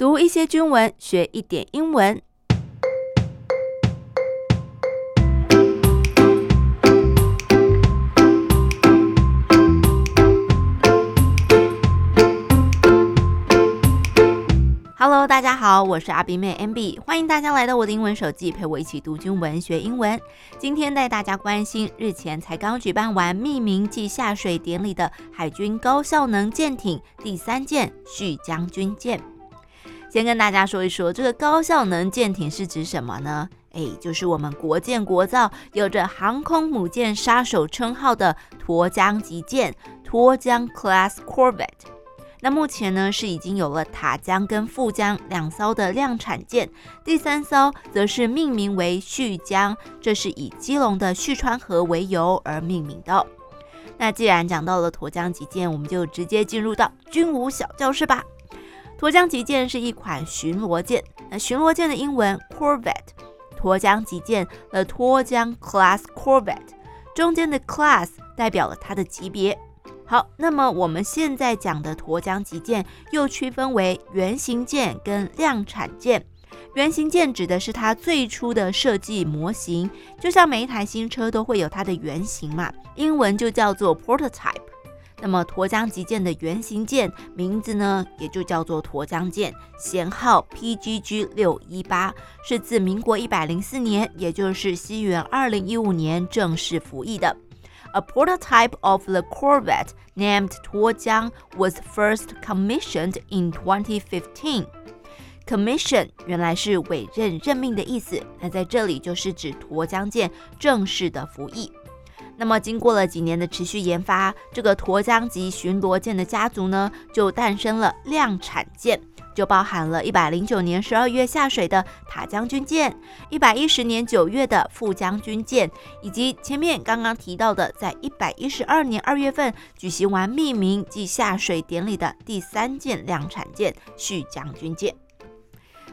讀一些軍文，學一點英文。Hello，大家好，我是阿 b 妹 MB，歡迎大家來到我的英文手記，陪我一起讀軍文學英文。今天帶大家關心日前才剛舉辦完命名暨下水典禮的海軍高效能艦艇第三艦旭江軍艦。先跟大家說一說，這個高效能艦艇是指什麼呢？哎，就是我們國艦國造，有着航空母艦殺手稱號的沱江級艦，沱江 Class Corvette。那目前呢是已經有了塔江跟富江兩艘的量產艦，第三艘則是命名為旭江，這是以基隆的旭川河為由而命名的。那既然講到了沱江級艦，我們就直接進入到軍武小教室吧。沱江級艦是一款巡邏艦，那，呃，巡邏艦的英文 corvette，沱江級艦 the 沱，呃，江 class corvette，中間的 class 代表了它的級別。好，那麼我們現在講的沱江級艦又區分為原型艦跟量產艦。原型艦指的是它最初的設計模型，就像每一台新車都會有它的原型嘛，英文就叫做 prototype。那麼沱江級艦的原型艦名字呢，也就叫做沱江艦，舷號 PGG 六一八，是自民國一百零四年，也就是西元二零一五年正式服役的。A prototype of the corvette named 沱江 was first commissioned in 2015. Commission 原來是委任任命的意思，那在這裡就是指沱江艦正式的服役。那麼，經過了幾年的持續研發，這個沱江級巡邏艦的家族呢，就誕生了量產艦，就包含了一百零九年十二月下水的塔江軍艦，一百一十年九月的富江軍艦，以及前面剛剛提到的在一百一十二年二月份舉行完命名及下水典禮的第三件量產艦旭江軍艦。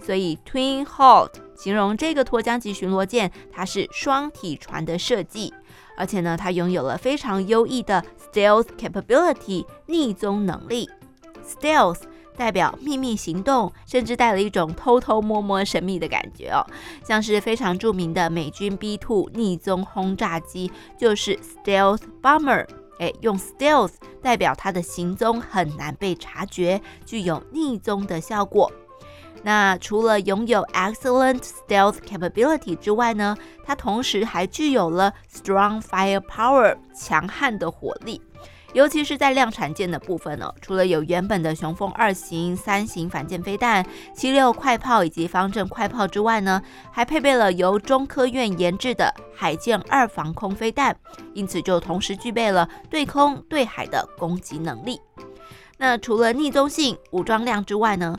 所以 twin-hulled 形容這個沱江級巡邏艦，它是雙體船的設計，而且呢，它擁有了非常優異的 Stealth Capability 匿蹤能力。Stealth 代表秘密行動，甚至帶了一種偷偷摸摸、神秘的感覺哦。像是非常著名的美軍 B2 匿蹤轟炸機，就是 Stealth Bomber，哎，用 Stealth 代表它的行蹤很難被察覺，具有匿蹤的效果。那除了擁有 excellent stealth capability 之外呢，它同時還具有了 strong firepower 強悍的火力，尤其是在量產艦的部分呢、哦，除了有原本的雄風二型、三型反艦飛彈、七六快炮以及方陣快炮之外呢，還配備了由中科院研製的海劍二防空飛彈，因此就同時具備了對空、對海的攻擊能力。那除了匿蹤性武裝量之外呢，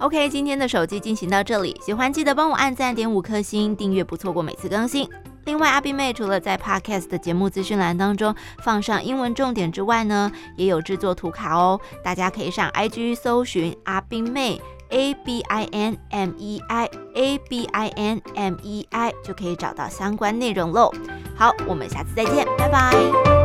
OK，今天的手機進行到這裡。喜歡記得幫我按讚，點五顆星，訂閱不錯過每次更新。另外，阿斌妹除了在 Podcast 的節目資訊欄當中放上英文重點之外呢，也有製作圖卡哦。大家可以上 IG 搜尋阿斌妹 A B I N M E I A B I N M E I 就可以找到相關內容嘍。好，我們下次再見，拜拜。